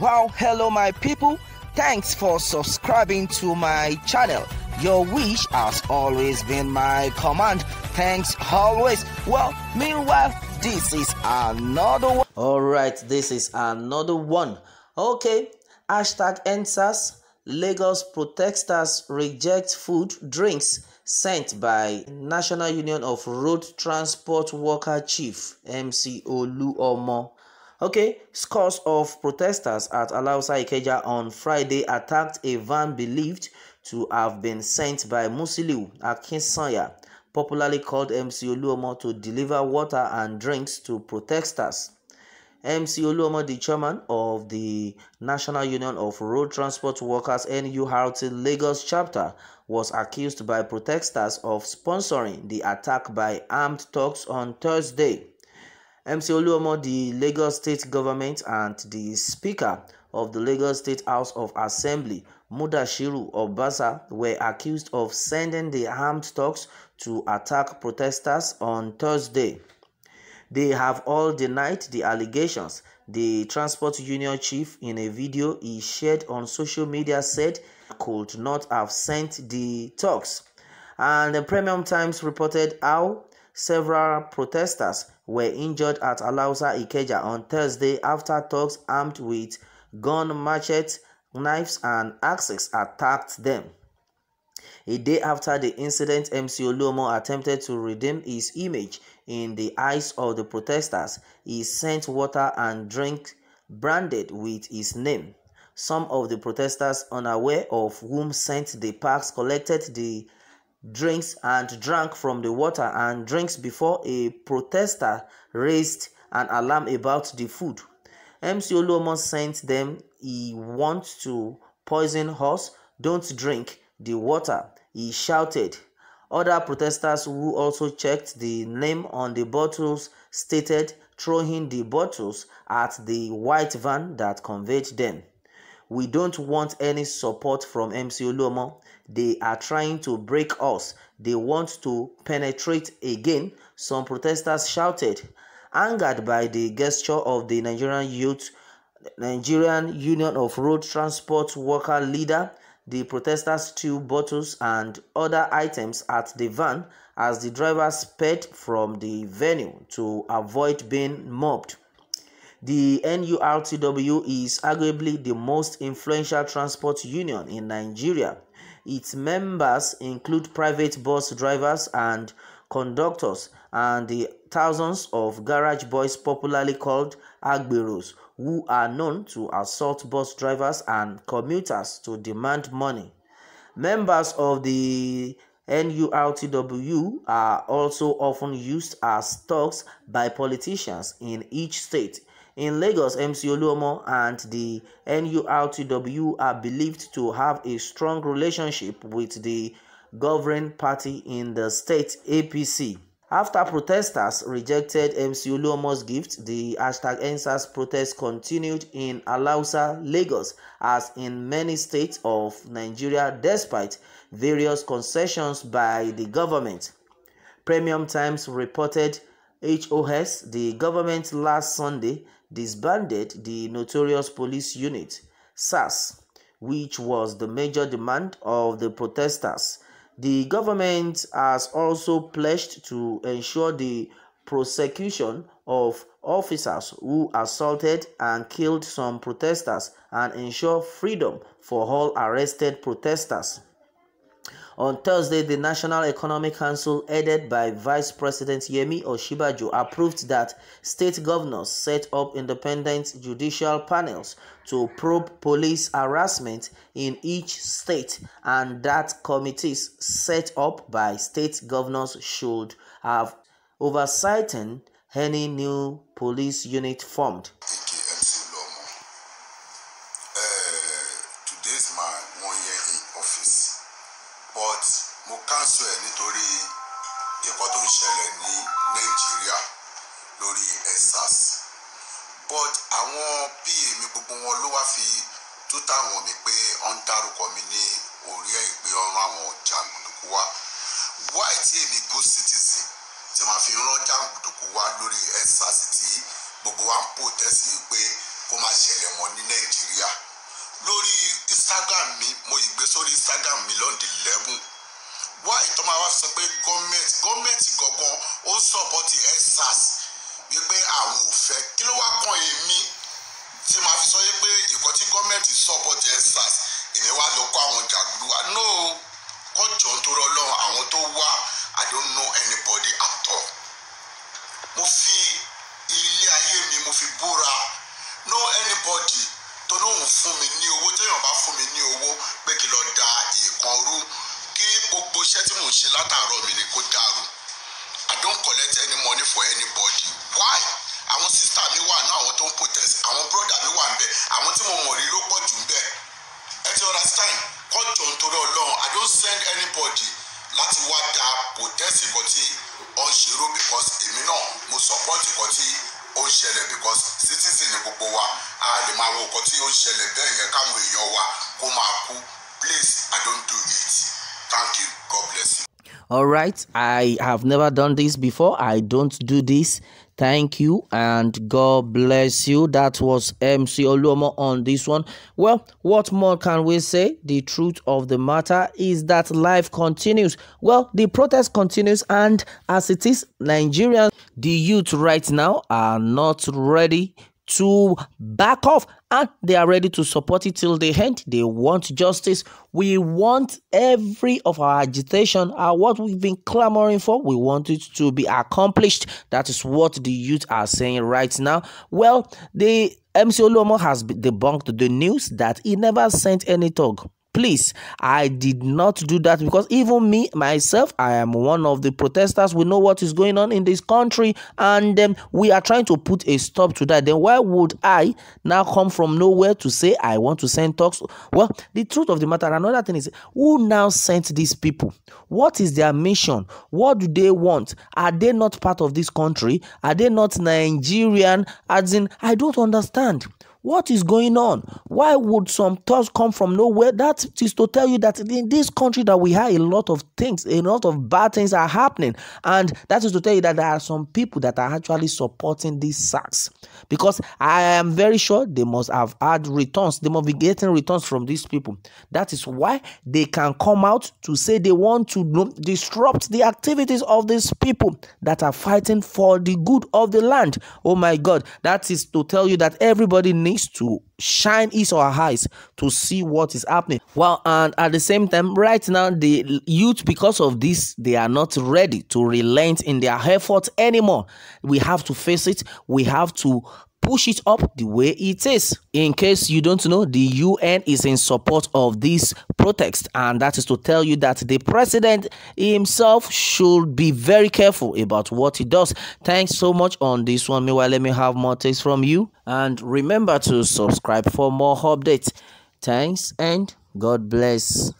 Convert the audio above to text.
Wow, hello my people. Thanks for subscribing to my channel. Your wish has always been my command. Thanks always. Well, meanwhile, this is another one. All right, this is another one. Okay, hashtag answers. Lagos protesters reject food, drinks sent by National Union of Road Transport Worker Chief MC Oluomo. Okay, scores of protesters at Alausa Ikeja on Friday attacked a van believed to have been sent by Musiliu Akinsanya, popularly called MC Oluomo, to deliver water and drinks to protesters. MC Oluomo, the chairman of the National Union of Road Transport Workers NURT Lagos chapter, was accused by protesters of sponsoring the attack by armed thugs on Thursday. MC Oluomo, the Lagos state government, and the Speaker of the Lagos State House of Assembly, Mudashiru Obasa, were accused of sending the armed talks to attack protesters on Thursday. They have all denied the allegations. The transport union chief, in a video he shared on social media, said could not have sent the talks. And the Premium Times reported how several protesters were injured at Alausa Ikeja on Thursday after thugs armed with gun, machetes, knives, and axes attacked them. A day after the incident, MC Oluomo attempted to redeem his image in the eyes of the protesters. He sent water and drink branded with his name. Some of the protesters, unaware of whom sent the packs, collected the drinks and drank from the water and drinks before a protester raised an alarm about the food. MC Oluomo sent them he wants to poison us, don't drink the water, he shouted. Other protesters who also checked the name on the bottles stated throwing the bottles at the white van that conveyed them. We don't want any support from MC Oluomo. They are trying to break us. They want to penetrate again, some protesters shouted. Angered by the gesture of the Nigerian youth, Nigerian Union of Road Transport Worker leader, the protesters threw bottles and other items at the van as the driver sped from the venue to avoid being mobbed. The NURTW is arguably the most influential transport union in Nigeria its members include private bus drivers and conductors and the thousands of garage boys popularly called agberos who are known to assault bus drivers and commuters to demand money. Members of the NURTW are also often used as thugs by politicians in each state in Lagos, MC Oluomo and the NURTW are believed to have a strong relationship with the governing party in the state APC. After protesters rejected MC Oluomo's gift, the hashtag Ensas protest continued in Alausa, Lagos, as in many states of Nigeria, despite various concessions by the government. Premium Times reported HOS, the government last Sunday disbanded the notorious police unit, SAS, which was the major demand of the protesters. The government has also pledged to ensure the prosecution of officers who assaulted and killed some protesters and ensure freedom for all arrested protesters. On Thursday, the National Economic Council, headed by Vice President Yemi Oshibajo, approved that state governors set up independent judicial panels to probe police harassment in each state and that committees set up by state governors should have oversighted any new police unit formed. but àwọn pa mi gbogbo wọn ló wá fi tó táwọn mi pé ọ ń dárúkọ mi ní orí ìgbé ọrùn àwọn jàǹdùkú wa why tí èmi good citizen tí màá fi rán jàǹdùkú wa lórí ẹ̀sàsì tí gbogbo wa ń pòtẹ́sì pé kó má ṣẹlẹ̀ mọ́ ní nàìjíríà lórí instagram mi mo yìí gbé sórí instagram mi lọ́ndì lẹ́bùn why tó máa wá sọ pé gọ́ọ̀mẹ̀ntì gọ́ọ̀mẹ̀ntì gangan ó sọ̀pọ̀tì ẹ̀sàsì wípé àwọn ò kí ló wá kan èmi tí màá fi sọ wípé ìkọ́ tí gọ́ọ̀mẹ̀ntì support EndSARS èmi wá lọ kó àwọn jàgùdù wa no kọjọ nítorí Ọlọ́run àwọn tó wá I don't know anybody at all mo fi ilé ayé mi mo fi búra no anybody tó lóun fún mi ní owó téèyàn bá fún mi ní owó pé kí lọ da ìkan rú kí gbogbo iṣẹ́ tí mò ń ṣe látàárọ̀ mi ni kó dàrú don't collect any money for anybody why àwọn sísá mi wà náà àwọn tó ń protest àwọn brọ́dà mi wà nbẹ àwọn tí mo mọ̀ rí ló pọ̀ jù nbẹ ẹ ti understand kọjọ nítorí ọlọ́run i don't send anybody láti wá da protest nǹkan tí ó ń ṣerú because èmi náà mo support nǹkan tí ó ń ṣẹlẹ̀ because citizen ni gbogbo wa a lè máa wo nǹkan tí ó ń ṣẹlẹ̀ bẹ́ẹ̀ yẹn káwọn èèyàn wa kó máa kú all right i have never done this before i don't do this thank you and god bless you that was mc oluomo on this one well what more can we say the truth of the matter is that life continues well the protest continues and as it is nigerians the youth right now are not ready to back off and they are ready to support it till the end. They want justice. We want every of our agitation and what we've been clamoring for. We want it to be accomplished. That is what the youth are saying right now. Well, the MC Olomo has debunked the news that he never sent any talk please i did not do that because even me myself i am one of the protesters we know what is going on in this country and um, we are trying to put a stop to that then why would i now come from nowhere to say i want to send talks well the truth of the matter another thing is who now sent these people what is their mission what do they want are they not part of this country are they not nigerian as in i don't understand what is going on? Why would some thoughts come from nowhere? That is to tell you that in this country that we have a lot of things, a lot of bad things are happening. And that is to tell you that there are some people that are actually supporting these sacks. Because I am very sure they must have had returns. They must be getting returns from these people. That is why they can come out to say they want to disrupt the activities of these people that are fighting for the good of the land. Oh my God. That is to tell you that everybody needs needs to shine his or her eyes to see what is happening. Well, and at the same time, right now, the youth, because of this, they are not ready to relent in their effort anymore. We have to face it. We have to push it up the way it is. In case you don't know, the UN is in support of this protest, and that is to tell you that the president himself should be very careful about what he does. Thanks so much on this one. Meanwhile, let me have more takes from you, and remember to subscribe for more updates. Thanks and God bless.